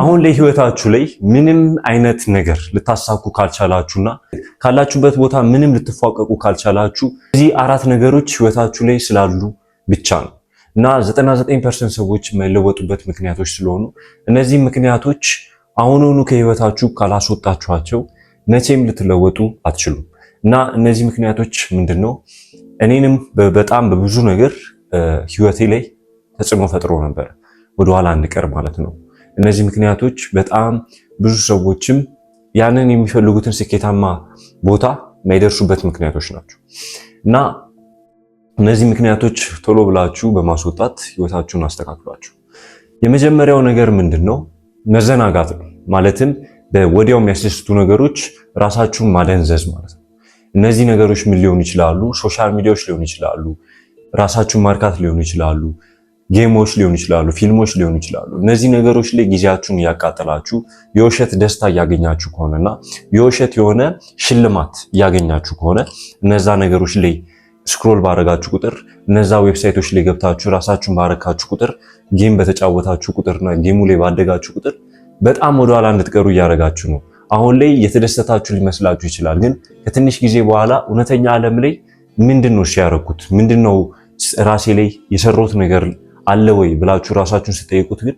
አሁን ላይ ህይወታችሁ ላይ ምንም አይነት ነገር ልታሳኩ ካልቻላችሁና ካላችሁበት ቦታ ምንም ልትፏቀቁ ካልቻላችሁ እዚህ አራት ነገሮች ህይወታችሁ ላይ ስላሉ ብቻ ነው እና 99% ሰዎች የማይለወጡበት ምክንያቶች ስለሆኑ እነዚህ ምክንያቶች አሁኑኑ ከህይወታችሁ ካላስወጣችኋቸው መቼም ልትለወጡ አትችሉም። እና እነዚህ ምክንያቶች ምንድን ነው? እኔንም በጣም በብዙ ነገር ህይወቴ ላይ ተጽዕኖ ፈጥሮ ነበር፣ ወደኋላ እንቀር ማለት ነው። እነዚህ ምክንያቶች በጣም ብዙ ሰዎችም ያንን የሚፈልጉትን ስኬታማ ቦታ የማይደርሱበት ምክንያቶች ናቸው እና እነዚህ ምክንያቶች ቶሎ ብላችሁ በማስወጣት ህይወታችሁን አስተካክሏችሁ። የመጀመሪያው ነገር ምንድን ነው? መዘናጋት ነው። ማለትም በወዲያው የሚያስደስቱ ነገሮች ራሳችሁን ማደንዘዝ ማለት ነው። እነዚህ ነገሮች ምን ሊሆኑ ይችላሉ? ሶሻል ሚዲያዎች ሊሆኑ ይችላሉ። ራሳችሁን ማርካት ሊሆኑ ይችላሉ። ጌሞች ሊሆኑ ይችላሉ፣ ፊልሞች ሊሆኑ ይችላሉ። እነዚህ ነገሮች ላይ ጊዜያችሁን እያቃጠላችሁ የውሸት ደስታ እያገኛችሁ ከሆነና የውሸት የሆነ ሽልማት እያገኛችሁ ከሆነ እነዛ ነገሮች ላይ ስክሮል ባረጋችሁ ቁጥር እነዛ ዌብሳይቶች ላይ ገብታችሁ ራሳችሁን ባረካችሁ ቁጥር ጌም በተጫወታችሁ ቁጥርና ጌሙ ላይ ባደጋችሁ ቁጥር በጣም ወደኋላ እንድትቀሩ እያደረጋችሁ ነው። አሁን ላይ የተደሰታችሁ ሊመስላችሁ ይችላል፣ ግን ከትንሽ ጊዜ በኋላ እውነተኛ ዓለም ላይ ምንድን ነው ሲያረኩት ምንድን ነው ራሴ ላይ የሰሩት ነገር አለ ወይ ብላችሁ ራሳችሁን ስጠይቁት ግን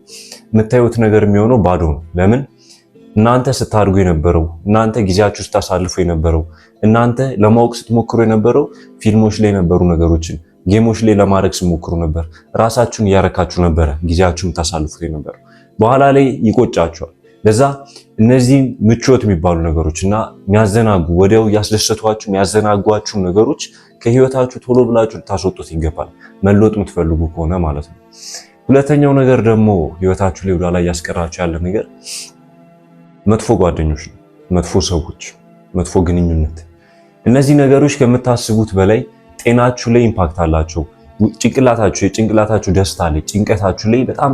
የምታዩት ነገር የሚሆነው ባዶ ነው። ለምን እናንተ ስታድጉ የነበረው እናንተ ጊዜያችሁ ስታሳልፉ የነበረው እናንተ ለማወቅ ስትሞክሩ የነበረው ፊልሞች ላይ የነበሩ ነገሮችን ጌሞች ላይ ለማድረግ ስሞክሩ ነበር። ራሳችሁን እያረካችሁ ነበረ ጊዜያችሁን ታሳልፉት የነበረው በኋላ ላይ ይቆጫችኋል። ለዛ እነዚህ ምቾት የሚባሉ ነገሮች እና የሚያዘናጉ ወዲያው ያስደሰቷችሁ የሚያዘናጓችሁ ነገሮች ከህይወታችሁ ቶሎ ብላችሁ ልታስወጡት ይገባል፣ መለወጥ የምትፈልጉ ከሆነ ማለት ነው። ሁለተኛው ነገር ደግሞ ህይወታችሁ ላይ ወደ ላይ ያለ ነገር መጥፎ ጓደኞች ነው፣ መጥፎ ሰዎች፣ መጥፎ ግንኙነት። እነዚህ ነገሮች ከምታስቡት በላይ ጤናችሁ ላይ ኢምፓክት አላቸው። ጭንቅላታችሁ የጭንቅላታችሁ ደስታ ላይ ጭንቀታችሁ ላይ በጣም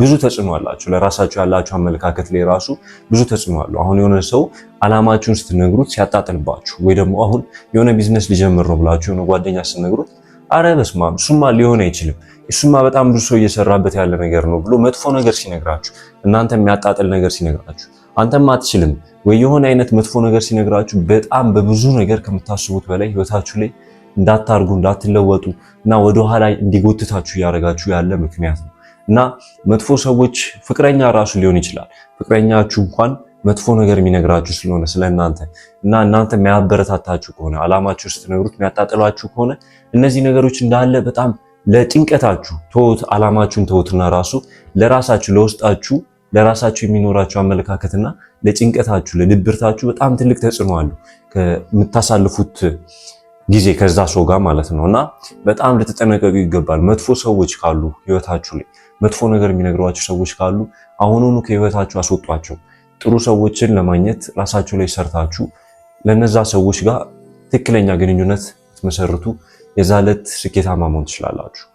ብዙ ተጽዕኖ አላችሁ። ለራሳችሁ ያላችሁ አመለካከት ላይ ራሱ ብዙ ተጽዕኖ አለው። አሁን የሆነ ሰው አላማችሁን ስትነግሩት ሲያጣጥልባችሁ፣ ወይ ደግሞ አሁን የሆነ ቢዝነስ ሊጀምር ነው ብላችሁ የሆነ ጓደኛ ስትነግሩት አረ በስመ አብ እሱማ ሊሆን አይችልም፣ እሱማ በጣም ብዙ ሰው እየሰራበት ያለ ነገር ነው ብሎ መጥፎ ነገር ሲነግራችሁ፣ እናንተ የሚያጣጥል ነገር ሲነግራችሁ፣ አንተም አትችልም ወይ የሆነ አይነት መጥፎ ነገር ሲነግራችሁ በጣም በብዙ ነገር ከምታስቡት በላይ ህይወታችሁ ላይ እንዳታርጉ እንዳትለወጡ እና ወደኋላ እንዲጎትታችሁ እያደረጋችሁ ያለ ምክንያት ነው። እና መጥፎ ሰዎች ፍቅረኛ ራሱ ሊሆን ይችላል ፍቅረኛችሁ እንኳን መጥፎ ነገር የሚነግራችሁ ስለሆነ ስለ እናንተ እና እናንተ የሚያበረታታችሁ ከሆነ አላማችሁ ስትነግሩት የሚያጣጥሏችሁ ከሆነ እነዚህ ነገሮች እንዳለ በጣም ለጭንቀታችሁ ተውት፣ አላማችሁን ተውትና ራሱ ለራሳችሁ ለውስጣችሁ ለራሳችሁ የሚኖራችሁ አመለካከትና ለጭንቀታችሁ ለድብርታችሁ በጣም ትልቅ ተጽዕኖ አሉ ከምታሳልፉት ጊዜ ከዛ ሰው ጋር ማለት ነው። እና በጣም ልትጠነቀቁ ይገባል መጥፎ ሰዎች ካሉ ህይወታችሁ ላይ መጥፎ ነገር የሚነግሯቸው ሰዎች ካሉ አሁኑኑ ከህይወታችሁ አስወጧቸው። ጥሩ ሰዎችን ለማግኘት ራሳችሁ ላይ ሰርታችሁ ለነዛ ሰዎች ጋር ትክክለኛ ግንኙነት ትመሰርቱ የዛ ዕለት ስኬታማ መሆን ትችላላችሁ።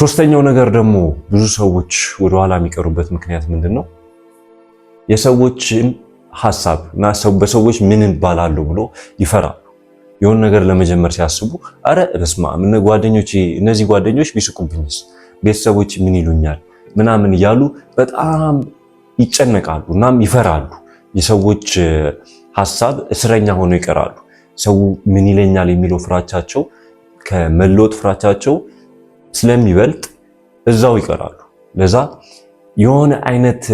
ሶስተኛው ነገር ደግሞ ብዙ ሰዎች ወደኋላ የሚቀሩበት ምክንያት ምንድን ነው? የሰዎችን ሀሳብ እና በሰዎች ምን እባላለሁ ብሎ ይፈራሉ። የሆን ነገር ለመጀመር ሲያስቡ አረ በስመ አብ እነዚህ ጓደኞች ቢስቁብኝስ ቤተሰቦች ምን ይሉኛል ምናምን እያሉ በጣም ይጨነቃሉ። እናም ይፈራሉ። የሰዎች ሀሳብ እስረኛ ሆኖ ይቀራሉ። ሰው ምን ይለኛል የሚለው ፍራቻቸው ከመለወጥ ፍራቻቸው ስለሚበልጥ እዛው ይቀራሉ። ለዛ የሆነ አይነት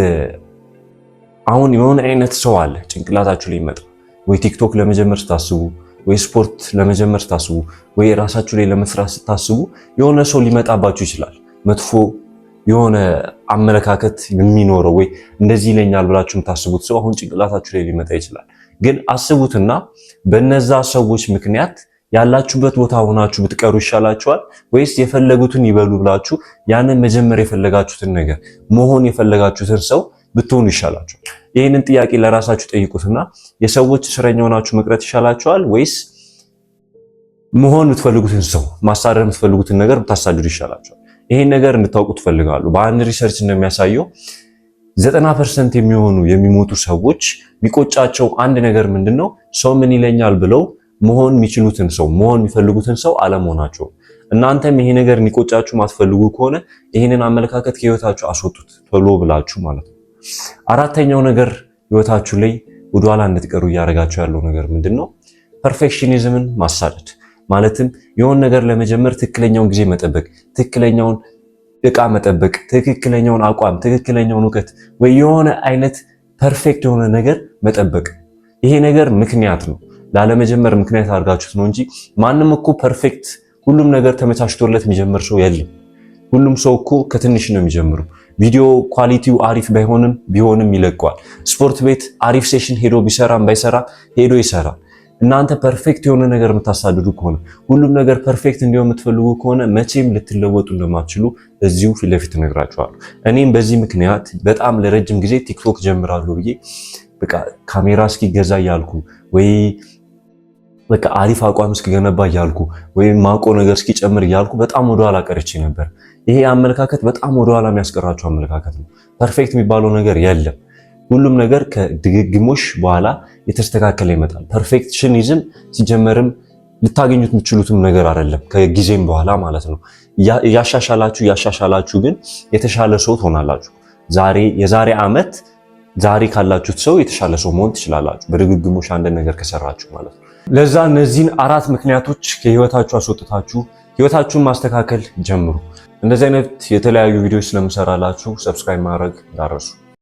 አሁን የሆነ አይነት ሰው አለ ጭንቅላታችሁ ላይ ይመጣ ወይ ቲክቶክ ለመጀመር ስታስቡ ወይ ስፖርት ለመጀመር ስታስቡ ወይ ራሳችሁ ላይ ለመስራት ስታስቡ የሆነ ሰው ሊመጣባችሁ ይችላል። መጥፎ የሆነ አመለካከት የሚኖረው ወይ እንደዚህ ይለኛል ብላችሁ የምታስቡት ሰው አሁን ጭንቅላታችሁ ላይ ሊመጣ ይችላል። ግን አስቡትና በነዛ ሰዎች ምክንያት ያላችሁበት ቦታ ሆናችሁ ብትቀሩ ይሻላችኋል ወይስ የፈለጉትን ይበሉ ብላችሁ ያንን መጀመር የፈለጋችሁትን ነገር መሆን የፈለጋችሁትን ሰው ብትሆኑ ይሻላችኋል? ይህንን ጥያቄ ለራሳችሁ ጠይቁትና የሰዎች እስረኛ ሆናችሁ መቅረት ይሻላችኋል ወይስ መሆን የምትፈልጉትን ሰው ማሳደር የምትፈልጉትን ነገር ብታሳድዱ ይሻላችኋል? ይሄን ነገር እንድታውቁ ትፈልጋሉ በአንድ ሪሰርች እንደሚያሳየው ዘጠና ፐርሰንት የሚሆኑ የሚሞቱ ሰዎች የሚቆጫቸው አንድ ነገር ምንድን ነው? ሰው ምን ይለኛል ብለው መሆን የሚችሉትን ሰው መሆን የሚፈልጉትን ሰው አለመሆናቸው። እናንተም ይሄ ነገር እንዲቆጫችሁ ማትፈልጉ ከሆነ ይህንን አመለካከት ከህይወታችሁ አስወጡት ቶሎ ብላችሁ ማለት ነው። አራተኛው ነገር ህይወታችሁ ላይ ወደኋላ እንድትቀሩ እያደረጋችሁ ያለው ነገር ምንድን ነው? ፐርፌክሽኒዝምን ማሳደድ ማለትም የሆን ነገር ለመጀመር ትክክለኛውን ጊዜ መጠበቅ፣ ትክክለኛውን እቃ መጠበቅ፣ ትክክለኛውን አቋም፣ ትክክለኛውን እውቀት ወይ የሆነ አይነት ፐርፌክት የሆነ ነገር መጠበቅ። ይሄ ነገር ምክንያት ነው፣ ላለመጀመር ምክንያት አድርጋችሁት ነው እንጂ ማንም እኮ ፐርፌክት ሁሉም ነገር ተመቻችቶለት የሚጀምር ሰው የለም። ሁሉም ሰው እኮ ከትንሽ ነው የሚጀምሩ። ቪዲዮ ኳሊቲው አሪፍ ባይሆንም ቢሆንም ይለቀዋል። ስፖርት ቤት አሪፍ ሴሽን ሄዶ ቢሰራም ባይሰራ ሄዶ ይሰራል። እናንተ ፐርፌክት የሆነ ነገር የምታሳድዱ ከሆነ ሁሉም ነገር ፐርፌክት እንዲሆን የምትፈልጉ ከሆነ መቼም ልትለወጡ እንደማትችሉ እዚሁ ፊት ለፊት እነግራችኋለሁ። እኔም በዚህ ምክንያት በጣም ለረጅም ጊዜ ቲክቶክ ጀምራሉ ብዬ በቃ ካሜራ እስኪገዛ እያልኩ ወይ በቃ አሪፍ አቋም እስኪገነባ እያልኩ ወይም ማቆ ነገር እስኪጨምር እያልኩ በጣም ወደኋላ ቀርቼ ነበር። ይሄ አመለካከት በጣም ወደኋላ የሚያስቀራቸው አመለካከት ነው። ፐርፌክት የሚባለው ነገር የለም። ሁሉም ነገር ከድግግሞሽ በኋላ የተስተካከለ ይመጣል። ፐርፌክሽኒዝም ሲጀመርም ልታገኙት የምችሉትም ነገር አይደለም፣ ከጊዜም በኋላ ማለት ነው። እያሻሻላችሁ እያሻሻላችሁ ግን የተሻለ ሰው ትሆናላችሁ። ዛሬ የዛሬ ዓመት ዛሬ ካላችሁት ሰው የተሻለ ሰው መሆን ትችላላችሁ፣ በድግግሞሽ አንድ ነገር ከሰራችሁ ማለት ነው። ለዛ እነዚህን አራት ምክንያቶች ከህይወታችሁ አስወጥታችሁ ህይወታችሁን ማስተካከል ጀምሩ። እንደዚህ አይነት የተለያዩ ቪዲዮዎች ስለምሰራላችሁ ሰብስክራይብ ማድረግ እንዳረሱ